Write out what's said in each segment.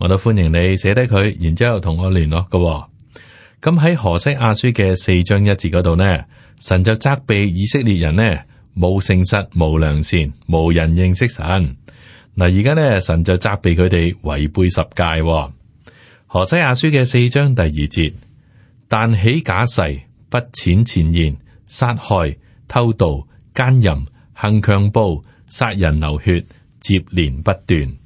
我都歡迎你寫低佢，然之後同我聯絡嘅、哦。咁喺何西阿書嘅四章一節嗰度呢？神就責備以色列人呢，冇誠實、冇良善、冇人認識神。嗱，而家呢神就責備佢哋違背十誡、哦。「何西阿書嘅四章第二節，但起假誓、不淺前言、殺害、偷盜、奸淫、行強暴、殺人流血，接連不斷。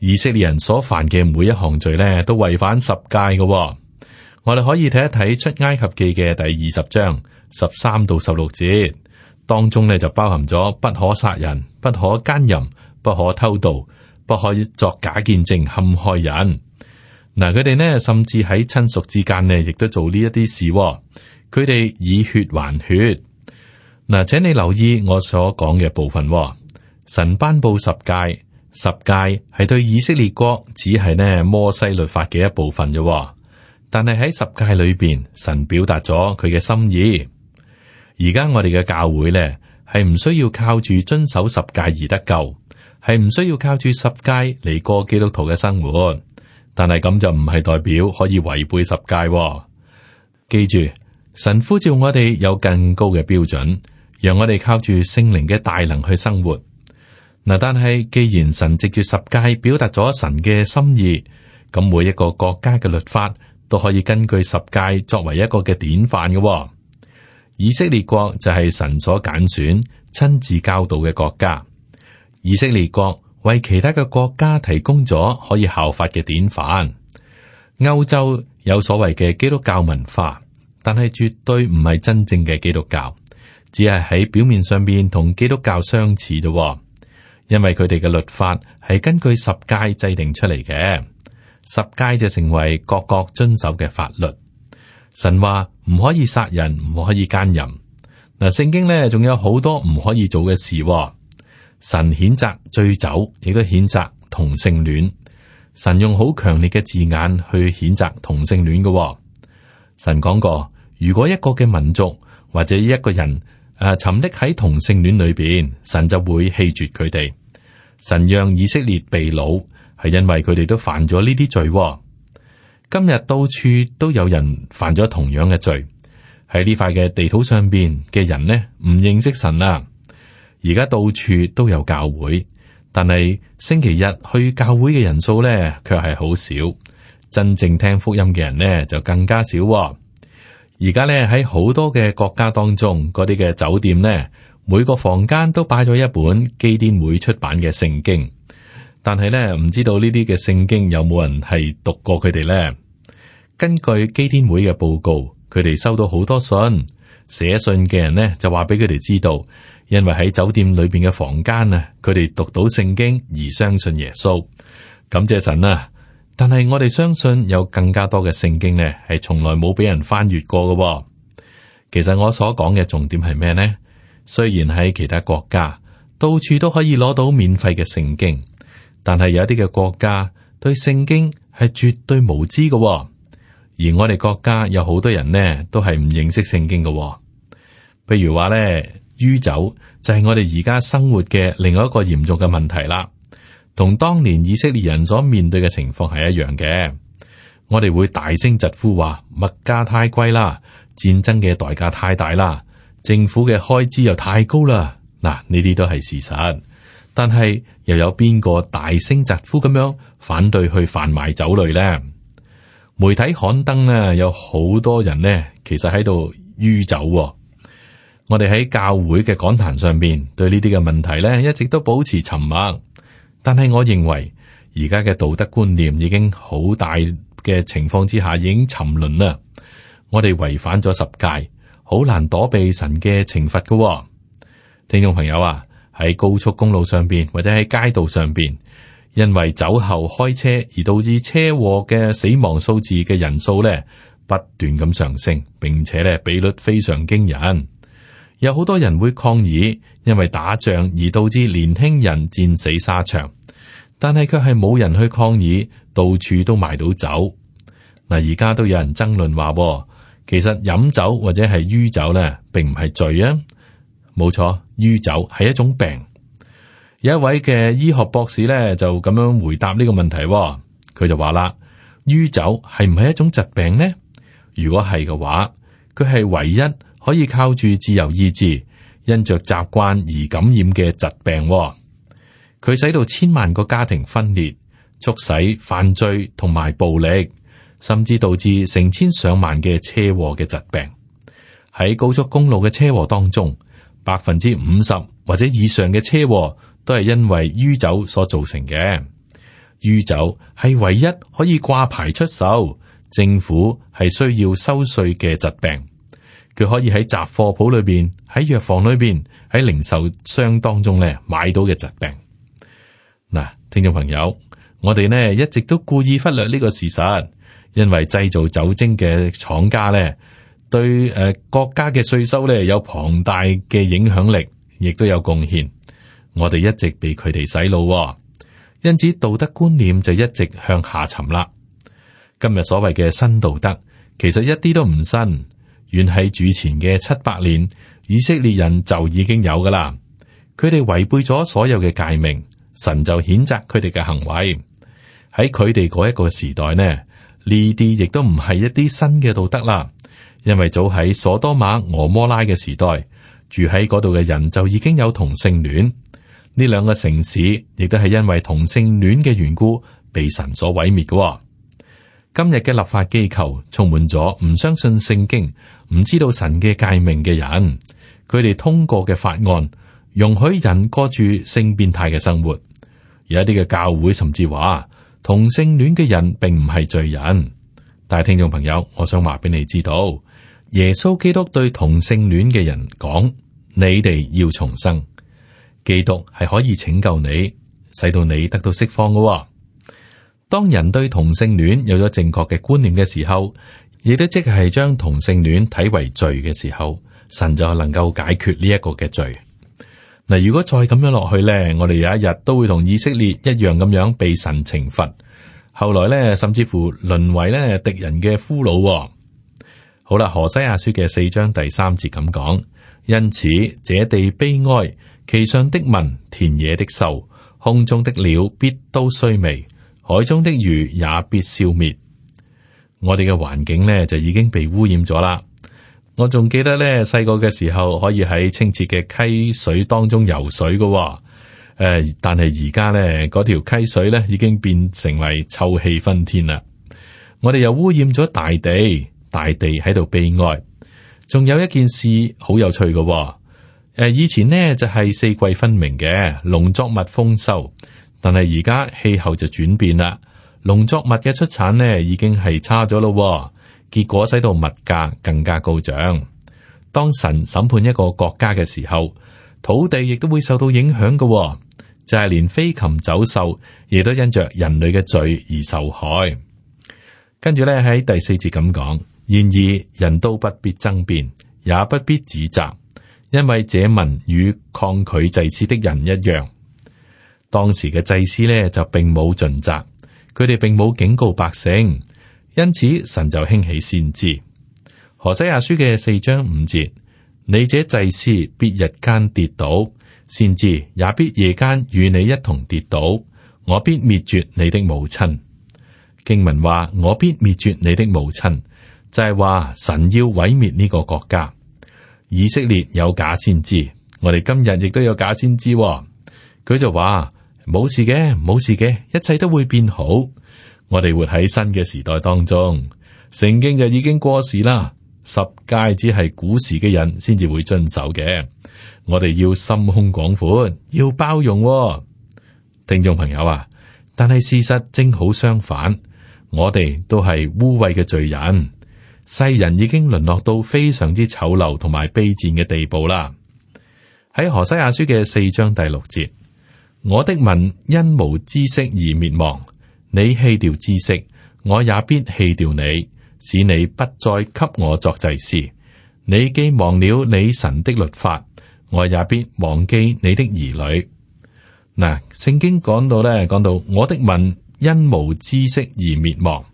以色列人所犯嘅每一項罪呢，都違反十誡嘅、哦。我哋可以睇一睇出埃及記嘅第二十章十三到十六節，當中呢就包含咗不可殺人、不可奸淫、不可偷盜、不可作假見證陷害人。嗱，佢哋呢，甚至喺親屬之間呢，亦都做呢一啲事、哦。佢哋以血還血。嗱，請你留意我所講嘅部分、哦。神頒布十誡。十戒係對以色列國，只係呢摩西律法嘅一部分啫，但係喺十戒裏邊，神表達咗佢嘅心意。而家我哋嘅教會呢，係唔需要靠住遵守十戒而得救，係唔需要靠住十戒嚟過基督徒嘅生活。但係咁就唔係代表可以違背十戒，哦。記住，神呼召我哋有更高嘅標準，讓我哋靠住聖靈嘅大能去生活。嗱，但係既然神藉住十誡表達咗神嘅心意，咁每一個國家嘅律法都可以根據十誡作為一個嘅典範嘅、哦。以色列國就係神所揀選、親自教導嘅國家。以色列國為其他嘅國家提供咗可以效法嘅典範。歐洲有所謂嘅基督教文化，但係絕對唔係真正嘅基督教，只係喺表面上邊同基督教相似啫、哦。因為佢哋嘅律法係根據十誡制定出嚟嘅，十誡就成為各國遵守嘅法律。神話唔可以殺人，唔可以奸淫。嗱，聖經咧仲有好多唔可以做嘅事、哦。神譴責醉酒，亦都譴責同性戀。神用好強烈嘅字眼去譴責同性戀嘅、哦。神講過，如果一個嘅民族或者一個人。誒、啊，沉溺喺同性戀裡邊，神就會棄絕佢哋。神讓以色列被擄，係因為佢哋都犯咗呢啲罪、哦。今日到處都有人犯咗同樣嘅罪。喺呢塊嘅地土上邊嘅人呢，唔認識神啦。而家到處都有教會，但係星期日去教會嘅人數呢，卻係好少。真正聽福音嘅人呢，就更加少、哦。而家咧喺好多嘅國家當中，嗰啲嘅酒店咧，每個房間都擺咗一本基甸會出版嘅聖經。但係咧，唔知道呢啲嘅聖經有冇人係讀過佢哋咧？根據基甸會嘅報告，佢哋收到好多信，寫信嘅人咧就話俾佢哋知道，因為喺酒店裏邊嘅房間啊，佢哋讀到聖經而相信耶穌，感謝神啊！但係我哋相信有更加多嘅聖經呢，係從來冇俾人翻閱過㗎喎。其實我所講嘅重點係咩呢？雖然喺其他國家到處都可以攞到免費嘅聖經，但係有一啲嘅國家對聖經係絕對無知㗎喎。而我哋國家有好多人呢，都係唔認識聖經㗎喎。譬如話咧，酗酒就係我哋而家生活嘅另外一個嚴重嘅問題啦。同當年以色列人所面對嘅情況係一樣嘅，我哋會大聲疾呼話物價太貴啦，戰爭嘅代價太大啦，政府嘅開支又太高啦。嗱，呢啲都係事實，但係又有邊個大聲疾呼咁樣反對去販賣酒類呢？媒體刊登呢，有好多人呢，其實喺度酗酒。我哋喺教會嘅講壇上邊對呢啲嘅問題呢，一直都保持沉默。但係，我認為而家嘅道德觀念已經好大嘅情況之下，已經沉淪啦。我哋違反咗十戒，好難躲避神嘅懲罰㗎。聽眾朋友啊，喺高速公路上面或者喺街道上邊，因為酒後開車而導致車禍嘅死亡數字嘅人數呢，不斷咁上升，並且呢，比率非常驚人。有好多人會抗議，因為打仗而導致年輕人戰死沙場。但係卻係冇人去抗議，到處都買到酒。嗱，而家都有人爭論話，其實飲酒或者係酗酒咧，並唔係罪啊。冇錯，酗酒係一種病。有一位嘅醫學博士咧，就咁樣回答呢個問題。佢就話啦，酗酒係唔係一種疾病呢？如果係嘅話，佢係唯一可以靠住自由意志因着習慣而感染嘅疾病。佢使到千萬個家庭分裂，促使犯罪同埋暴力，甚至導致成千上萬嘅車禍嘅疾病。喺高速公路嘅車禍當中，百分之五十或者以上嘅車禍都係因為酗酒所造成嘅。酗酒係唯一可以掛牌出售，政府係需要收稅嘅疾病。佢可以喺雜貨鋪裏邊、喺藥房裏邊、喺零售商當中咧買到嘅疾病。嗱，聽眾朋友，我哋呢一直都故意忽略呢個事實，因為製造酒精嘅廠家呢對誒國家嘅稅收呢有龐大嘅影響力，亦都有貢獻。我哋一直被佢哋洗腦，哦，因此道德觀念就一直向下沉啦。今日所謂嘅新道德，其實一啲都唔新，遠喺主前嘅七八年，以色列人就已經有㗎喇。佢哋違背咗所有嘅誡命。神就譴責佢哋嘅行為，喺佢哋嗰一個時代呢，呢啲亦都唔係一啲新嘅道德啦，因為早喺索多瑪、俄摩拉嘅時代，住喺嗰度嘅人就已經有同性戀，呢兩個城市亦都係因為同性戀嘅緣故被神所毀滅嘅。今日嘅立法機構充滿咗唔相信聖經、唔知道神嘅誡命嘅人，佢哋通過嘅法案容許人過住性變態嘅生活。有一啲嘅教會甚至話同性戀嘅人並唔係罪人，但係聽眾朋友，我想話俾你知道，耶穌基督對同性戀嘅人講：你哋要重生，基督係可以拯救你，使到你得到釋放嘅。當人對同性戀有咗正確嘅觀念嘅時候，亦都即係將同性戀睇為罪嘅時候，神就能夠解決呢一個嘅罪。嗱，如果再咁樣落去咧，我哋有一日都會同以色列一樣咁樣被神懲罰，後來咧甚至乎淪為咧敵人嘅俘虜。好啦，《何西阿書》嘅四章第三節咁講：因此這地悲哀，其上的民、田野的獸、空中的鳥必都衰微，海中的魚也必消滅。我哋嘅環境咧就已經被污染咗啦。我仲記得呢細個嘅時候可以喺清澈嘅溪水當中游水嘅、哦，誒、呃，但係而家呢，嗰條溪水呢已經變成為臭氣熏天啦。我哋又污染咗大地，大地喺度悲哀。仲有一件事好有趣嘅、哦，誒、呃，以前呢就係、是、四季分明嘅，農作物豐收，但係而家氣候就轉變啦，農作物嘅出產呢已經係差咗咯、哦。結果使到物價更加高漲。當神審判一個國家嘅時候，土地亦都會受到影響嘅、哦，就係、是、連飛禽走獸亦都因着人類嘅罪而受害。跟住咧喺第四節咁講，然而人都不必爭辯，也不必指責，因為這民與抗拒祭司的人一樣。當時嘅祭司咧就並冇盡責，佢哋並冇警告百姓。因此，神就興起先知何西阿書嘅四章五節：你這祭司必日間跌倒，先知也必夜間與你一同跌倒，我必滅絕你的母親。經文話：我必滅絕你的母親，就係、是、話神要毀滅呢個國家。以色列有假先知，我哋今日亦都有假先知、哦。佢就話冇事嘅，冇事嘅，一切都會變好。我哋活喺新嘅時代當中，聖經就已經過時啦。十誡只係古時嘅人先至會遵守嘅。我哋要心胸廣闊，要包容、哦。聽眾朋友啊，但係事實正好相反，我哋都係污穢嘅罪人，世人已經淪落到非常之醜陋同埋卑賤嘅地步啦。喺何西阿書嘅四章第六節，我的民因無知識而滅亡。你棄掉知識，我也必棄掉你，使你不再給我作祭司。你既忘了你神的律法，我也必忘記你的兒女。嗱，聖經講到呢，講到我的民因無知識而滅亡，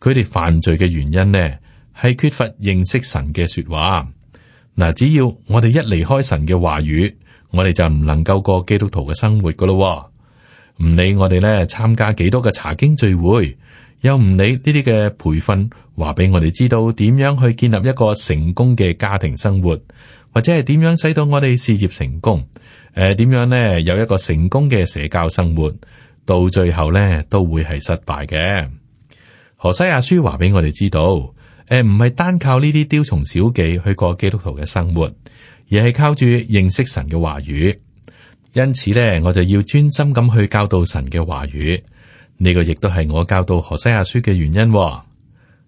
佢哋犯罪嘅原因呢，係缺乏認識神嘅說話。嗱，只要我哋一離開神嘅話語，我哋就唔能夠過基督徒嘅生活噶咯。唔理我哋咧參加幾多嘅查經聚會，又唔理呢啲嘅培訓，話俾我哋知道點樣去建立一個成功嘅家庭生活，或者係點樣使到我哋事業成功，誒，點樣咧有一個成功嘅社交生活，到最後呢都會係失敗嘅。何西阿書話俾我哋知道，誒，唔係單靠呢啲雕蟲小技去過基督徒嘅生活，而係靠住認識神嘅話語。因此咧，我就要專心咁去教導神嘅話語。呢個亦都係我教導何西阿書嘅原因，哦。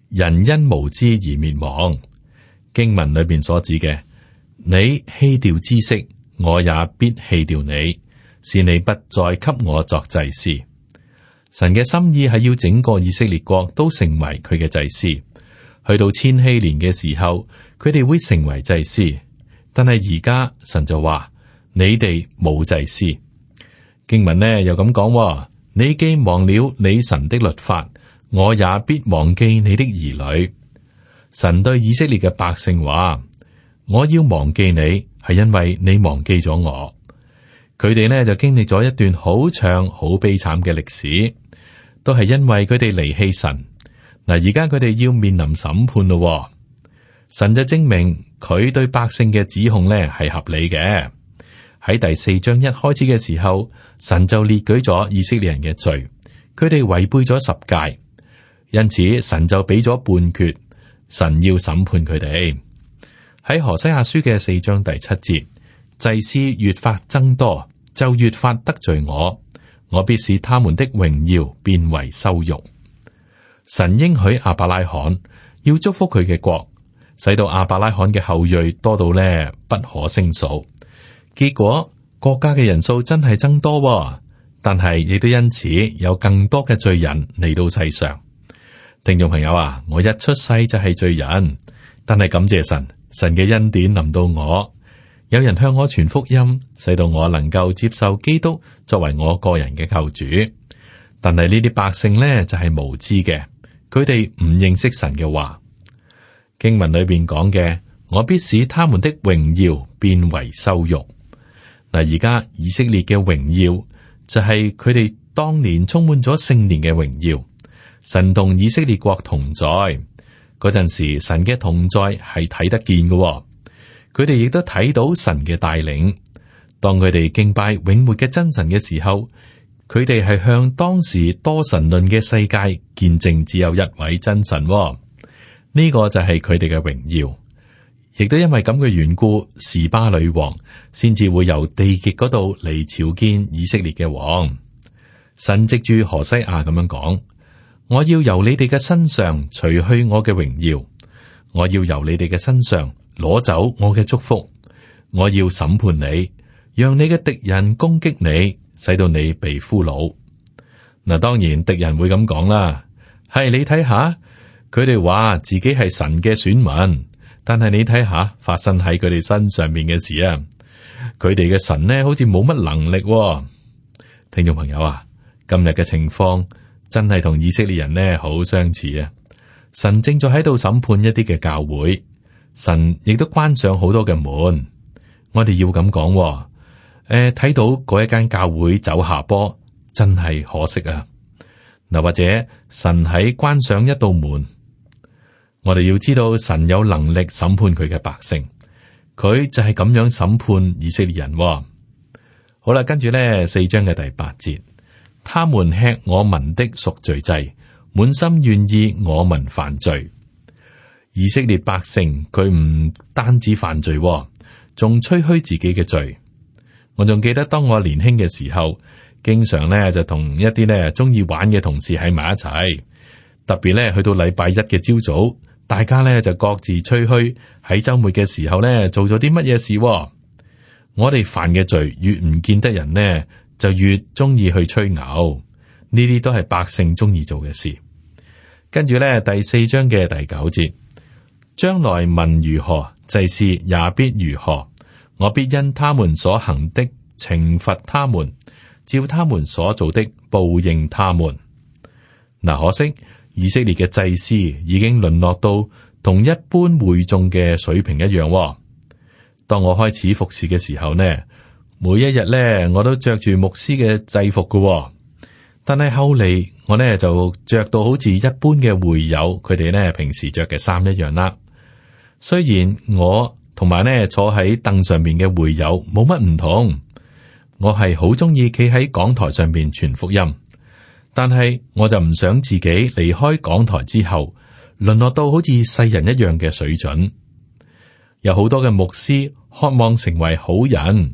人因無知而滅亡，經文裏邊所指嘅，你棄掉知識，我也必棄掉你，使你不再給我作祭司。神嘅心意係要整個以色列國都成為佢嘅祭司。去到千禧年嘅時候，佢哋會成為祭司。但係而家神就話。你哋冇祭司經文呢又咁講、哦，你既忘了你神的律法，我也必忘記你的兒女。神對以色列嘅百姓話：我要忘記你，係因為你忘記咗我。佢哋呢就經歷咗一段好長、好悲慘嘅歷史，都係因為佢哋離棄神嗱。而家佢哋要面臨審判咯、哦。神就證明佢對百姓嘅指控呢係合理嘅。喺第四章一開始嘅時候，神就列舉咗以色列人嘅罪，佢哋違背咗十誡，因此神就俾咗判決，神要審判佢哋。喺何西阿書嘅四章第七節，祭司越發增多，就越發得罪我，我必使他們的榮耀變為羞辱。神應許亞伯拉罕要祝福佢嘅國，使到亞伯拉罕嘅後裔多到呢不可勝數。結果國家嘅人數真係增多，但係亦都因此有更多嘅罪人嚟到世上。聽眾朋友啊，我一出世就係罪人，但係感謝神，神嘅恩典臨到我。有人向我傳福音，使到我能夠接受基督作為我個人嘅救主。但係呢啲百姓呢，就係無知嘅，佢哋唔認識神嘅話。經文裏邊講嘅，我必使他們的榮耀變為羞辱。嗱，而家以色列嘅榮耀就係佢哋當年充滿咗聖年嘅榮耀，神同以色列國同在嗰陣時，神嘅同在係睇得見嘅，佢哋亦都睇到神嘅帶領。當佢哋敬拜永活嘅真神嘅時候，佢哋係向當時多神論嘅世界見證只有一位真神。呢個就係佢哋嘅榮耀。亦都因為咁嘅緣故，示巴女王先至會由地極嗰度嚟朝見以色列嘅王。神藉住何西阿咁樣講：我要由你哋嘅身上除去我嘅榮耀，我要由你哋嘅身上攞走我嘅祝福，我要審判你，讓你嘅敵人攻擊你，使到你被俘虜。嗱，當然敵人會咁講啦，係，你睇下，佢哋話自己係神嘅選民。但係你睇下發生喺佢哋身上面嘅事啊，佢哋嘅神呢，好似冇乜能力喎。聽眾朋友啊，今日嘅情況真係同以色列人呢好相似啊！神正在喺度審判一啲嘅教會，神亦都關上好多嘅門。我哋要咁講喎，誒、呃，睇到嗰一間教會走下坡，真係可惜啊！嗱，或者神喺關上一道門。我哋要知道神有能力審判佢嘅百姓，佢就係咁樣審判以色列人哦。好啦，跟住咧，四章嘅第八節，他們吃我民的贖罪祭，滿心願意我民犯罪。以色列百姓佢唔單止犯罪哦，仲吹噓自己嘅罪。我仲記得當我年輕嘅時候，經常咧就同一啲咧中意玩嘅同事喺埋一齊，特別咧，去到禮拜一嘅朝早。大家咧就各自吹噓喺周末嘅時候咧做咗啲乜嘢事？我哋犯嘅罪越唔見得人呢，就越中意去吹牛。呢啲都係百姓中意做嘅事。跟住咧第四章嘅第九節，將來民如何，祭司也必如何。我必因他們所行的懲罰他們，照他們所做的報應他們。嗱，可惜。以色列嘅祭司已經淪落到同一般會眾嘅水平一樣，哦。當我開始服侍嘅時候呢，每一日呢，我都着住牧師嘅制服嘅，哦。但係後嚟，我呢就着到好似一般嘅會友，佢哋呢平時着嘅衫一樣啦。雖然我同埋呢坐喺凳上面嘅會友冇乜唔同，我係好鍾意企喺講台上面傳福音。但係我就唔想自己離開港台之後，淪落到好似世人一樣嘅水準。有好多嘅牧師渴望成為好人。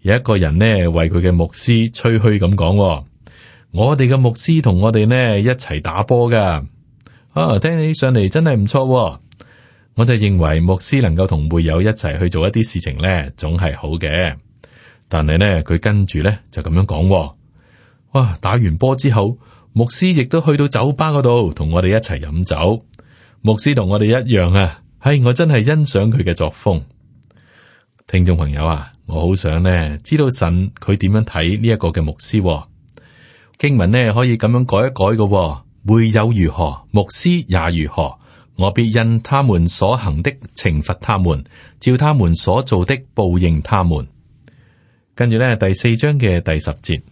有一個人呢，為佢嘅牧師吹嘘咁講：我哋嘅牧師同我哋呢一齊打波噶。啊，聽起上嚟真係唔錯。我就認為牧師能夠同會友一齊去做一啲事情呢，總係好嘅。但係呢，佢跟住呢就咁樣講，哦。哇！打完波之後，牧師亦都去到酒吧嗰度，同我哋一齊飲酒。牧師同我哋一樣啊，係、哎、我真係欣賞佢嘅作風。聽眾朋友啊，我好想呢知道神佢點樣睇呢一個嘅牧師。經文呢，可以咁樣改一改嘅、啊，會有如何牧師也如何，我必因他們所行的懲罰他們，照他們所做的報應他們。跟住呢，第四章嘅第十節。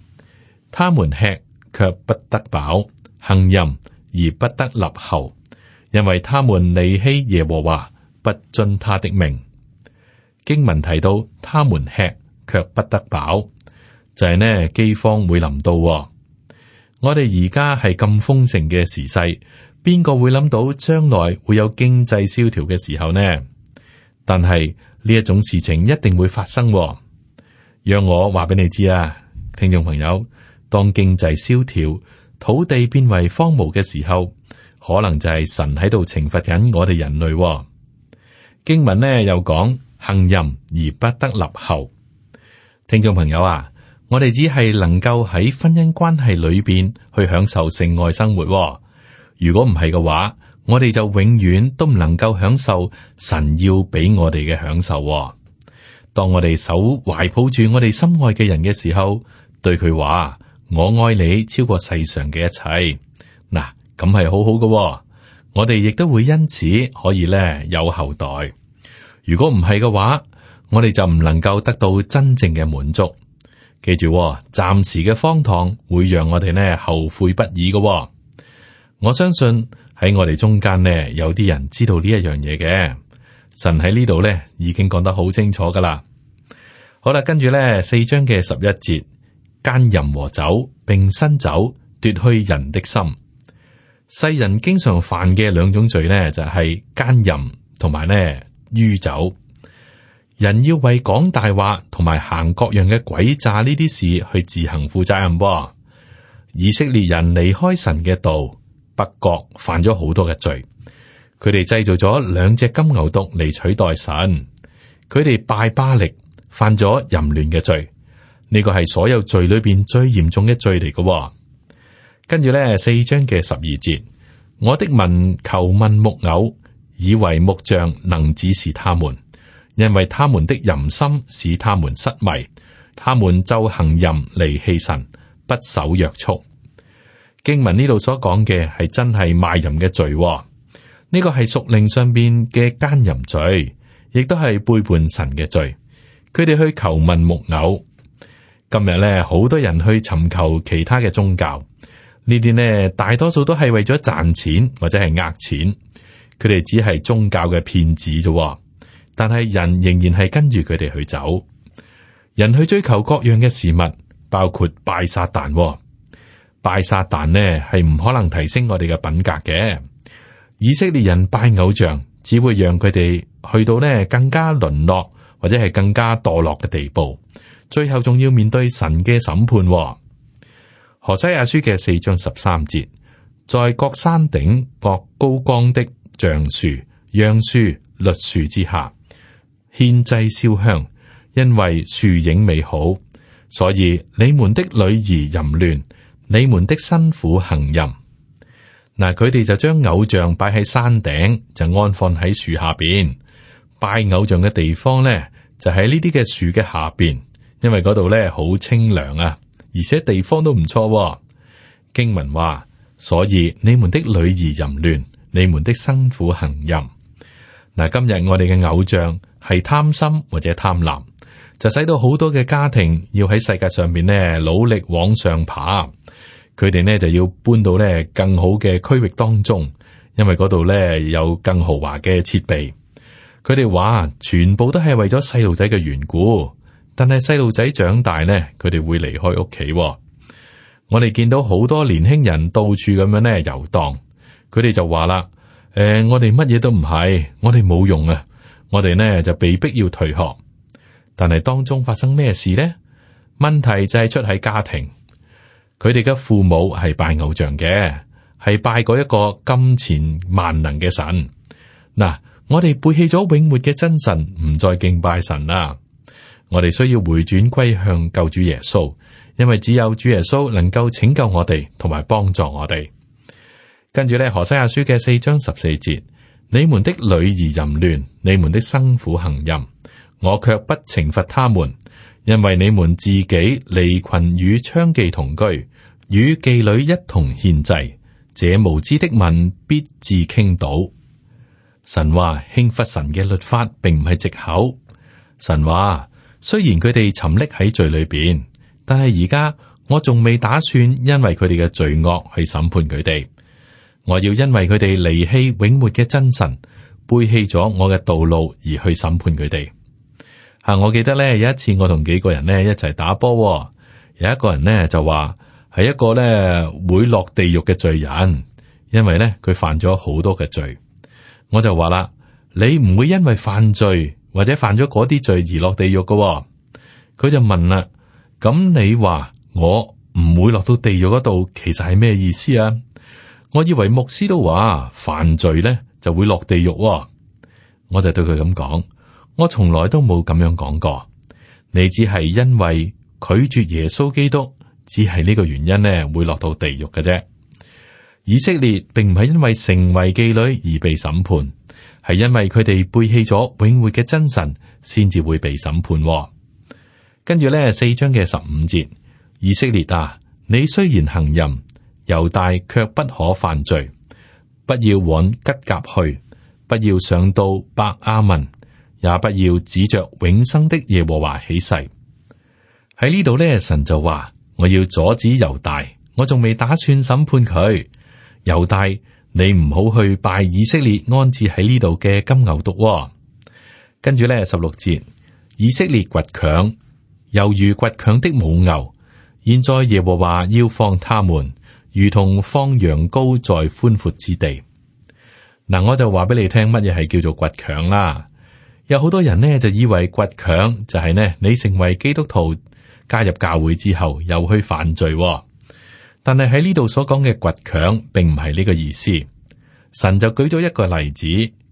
他們吃卻不得飽，行淫而不得立後，因為他們離棄耶和華，不遵他的命。經文提到，他們吃卻不得飽，就係、是、呢饑荒會臨到、哦。我哋而家係咁豐盛嘅時勢，邊個會諗到將來會有經濟蕭條嘅時候呢？但係呢一種事情一定會發生、哦。讓我話俾你知啊，聽眾朋友。當經濟蕭條，土地變為荒蕪嘅時候，可能就係神喺度懲罰緊我哋人類、哦、經文呢又講行淫而不得立後，聽眾朋友啊，我哋只係能夠喺婚姻關係裏邊去享受性愛生活、哦。如果唔係嘅話，我哋就永遠都唔能夠享受神要俾我哋嘅享受、哦。當我哋手懷抱住我哋心愛嘅人嘅時候，對佢話。我愛你超過世上嘅一切，嗱咁係好好嘅喎。我哋亦都會因此可以咧有後代。如果唔係嘅話，我哋就唔能夠得到真正嘅滿足。記住喎，暫時嘅荒唐會讓我哋呢後悔不已嘅喎。我相信喺我哋中間呢，有啲人知道呢一樣嘢嘅。神喺呢度呢已經講得好清楚噶啦。好啦，跟住呢四章嘅十一節。奸淫和酒，並新酒奪去人的心。世人經常犯嘅兩種罪呢，就係、是、奸淫同埋呢酗酒。人要為講大話同埋行各樣嘅鬼詐呢啲事去自行負責任噃，以色列人離開神嘅道，北國犯咗好多嘅罪。佢哋製造咗兩隻金牛犢嚟取代神，佢哋拜巴力，犯咗淫亂嘅罪。呢個係所有罪裏邊最嚴重嘅罪嚟嘅，哦。跟住咧，四章嘅十二節，我的民求問木偶，以為木杖能指示他們，因為他們的淫心使他們失迷，他們就行淫離棄神，不守約束。經文呢度所講嘅係真係賣淫嘅罪，哦。呢，這個係屬靈上邊嘅奸淫罪，亦都係背叛神嘅罪。佢哋去求問木偶。今日咧，好多人去尋求其他嘅宗教，呢啲呢，大多數都係為咗賺錢或者係呃錢，佢哋只係宗教嘅騙子啫。但係人仍然係跟住佢哋去走，人去追求各樣嘅事物，包括拜撒旦，哦，拜撒旦呢，係唔可能提升我哋嘅品格嘅。以色列人拜偶像只會讓佢哋去到呢更加淪落或者係更加墮落嘅地步。最後仲要面對神嘅審判，哦。何西亞書嘅四章十三節，在各山頂、各高岡的橡樹、楊樹、栗樹之下，獻祭燒香，因為樹影美好，所以你們的女兒淫亂，你們的辛苦行淫。嗱，佢哋就將偶像擺喺山頂，就安放喺樹下邊拜偶像嘅地方咧，就喺呢啲嘅樹嘅下邊。因為嗰度咧好清涼啊，而且地方都唔錯喎。經文話，所以你們的女兒淫亂，你們的新婦行淫。嗱，今日我哋嘅偶像係貪心或者貪婪，就使到好多嘅家庭要喺世界上邊咧努力往上爬。佢哋呢就要搬到咧更好嘅區域當中，因為嗰度咧有更豪華嘅設備。佢哋話全部都係為咗細路仔嘅緣故。但係細路仔長大呢，佢哋會離開屋企。我哋見到好多年輕人到處咁樣呢游蕩，佢哋就話啦：誒、欸，我哋乜嘢都唔係，我哋冇用啊！我哋呢就被逼要退學。但係當中發生咩事呢？問題就係出喺家庭，佢哋嘅父母係拜偶像嘅，係拜過一個金錢萬能嘅神。嗱，我哋背棄咗永活嘅真神，唔再敬拜神啦。我哋需要回轉歸向救主耶穌，因為只有主耶穌能夠拯救我哋，同埋幫助我哋。跟住咧，何西阿書嘅四章十四節：你們的女兒淫亂，你們的生父行淫，我卻不懲罰他們，因為你們自己離群與娼妓同居，與妓女一同獻祭，這無知的民必自傾倒。神話輕忽神嘅律法，並唔係借口。神話。雖然佢哋沉溺喺罪裏邊，但係而家我仲未打算因為佢哋嘅罪惡去審判佢哋。我要因為佢哋離棄永活嘅真神，背棄咗我嘅道路而去審判佢哋。吓、啊，我記得咧有一次我同幾個人咧一齊打波，有一個人咧就話係一個咧會落地獄嘅罪人，因為咧佢犯咗好多嘅罪。我就話啦，你唔會因為犯罪。或者犯咗嗰啲罪而落地獄噶、哦，佢就問啦：咁，啊，你話我唔會落到地獄嗰度，其實係咩意思啊？我以為牧師都話犯罪咧就會落地獄。哦，我就對佢咁講：我從來都冇咁樣講過。你只係因為拒絕耶穌基督，只係呢個原因咧會落到地獄嘅啫。以色列並唔係因為成為妓女而被審判。係因為佢哋背棄咗永活嘅真神，先至會被審判哦。跟住咧四章嘅十五節，以色列啊，你雖然行淫，猶大卻不可犯罪。不要往吉甲去，不要上到伯阿文，也不要指着永生的耶和華起誓。喺呢度咧，神就話：我要阻止猶大，我仲未打算審判佢。猶大。你唔好去拜以色列安置喺呢度嘅金牛犢、哦、跟住咧，十六節，以色列倔強，猶如倔強的母牛。現在耶和華要放他們，如同放羊羔在寬闊之地。嗱，我就話俾你聽，乜嘢係叫做倔強啦？有好多人呢，就以為倔強就係呢，你成為基督徒加入教會之後又去犯罪、哦。但係喺呢度所講嘅倔強，並唔係呢個意思。神就舉咗一個例子，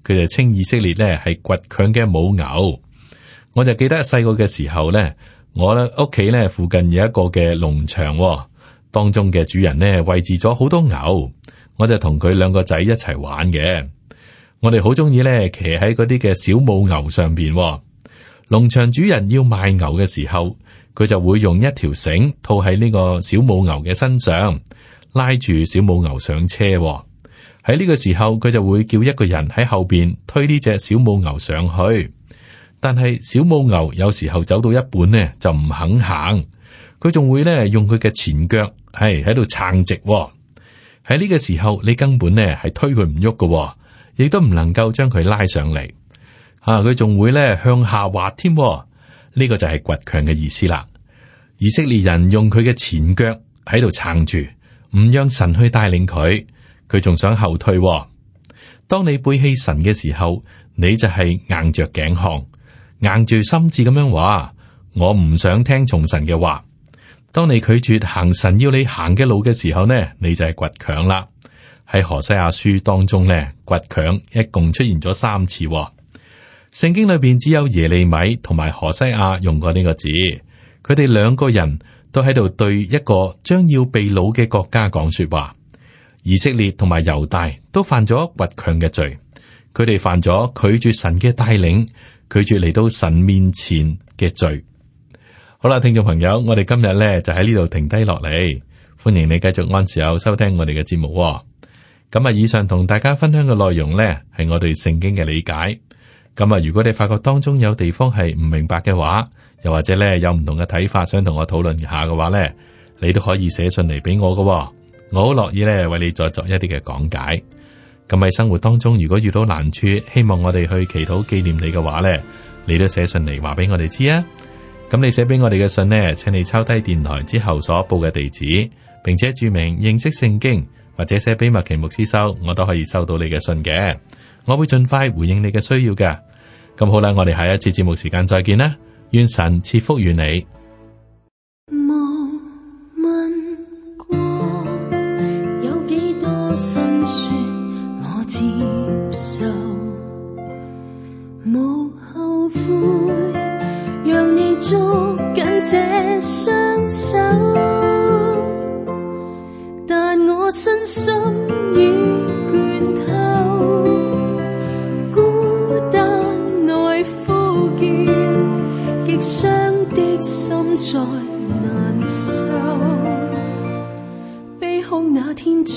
佢就稱以色列咧係倔強嘅母牛。我就記得細個嘅時候咧，我咧屋企咧附近有一個嘅農場，當中嘅主人咧餵飼咗好多牛。我就同佢兩個仔一齊玩嘅，我哋好中意咧騎喺嗰啲嘅小母牛上邊。農場主人要賣牛嘅時候，佢就會用一條繩套喺呢個小母牛嘅身上，拉住小母牛上車喎。喺呢個時候，佢就會叫一個人喺後邊推呢隻小母牛上去。但係小母牛有時候走到一半呢，就唔肯行。佢仲會呢用佢嘅前腳係喺度撐直喎。喺呢個時候，你根本呢係推佢唔喐嘅，亦都唔能夠將佢拉上嚟。啊，佢仲會呢向下滑添。呢個就係倔強嘅意思啦。以色列人用佢嘅前腳喺度撐住，唔讓神去帶領佢，佢仲想後退哦。當你背棄神嘅時候，你就係硬着頸項，硬住心智咁樣話：我唔想聽從神嘅話。當你拒絕行神要你行嘅路嘅時候呢，你就係倔強啦。喺何西阿書當中呢，倔強一共出現咗三次哦。聖經裏邊只有耶利米同埋何西阿用過呢個字。佢哋兩個人都喺度對一個將要被擄嘅國家講說話。以色列同埋猶大都犯咗倔強嘅罪，佢哋犯咗拒絕神嘅帶領，拒絕嚟到神面前嘅罪。好啦，聽眾朋友，我哋今日咧就喺呢度停低落嚟，歡迎你繼續按時候收聽我哋嘅節目。咁啊，以上同大家分享嘅內容呢係我哋聖經嘅理解。咁啊，如果你發覺當中有地方係唔明白嘅話，又或者咧，有唔同嘅睇法，想同我討論下嘅話咧，你都可以寫信嚟俾我嘅，哦。我好樂意咧，為你再作一啲嘅講解。咁喺生活當中，如果遇到難處，希望我哋去祈禱紀念你嘅話咧，你都寫信嚟話俾我哋知啊。咁你寫俾我哋嘅信呢，請你抄低電台之後所報嘅地址，並且注明認識聖經，或者寫俾麥奇牧師收，我都可以收到你嘅信嘅。我會盡快回應你嘅需要嘅。咁好啦，我哋下一次節目時間再見啦。願神賜福於你。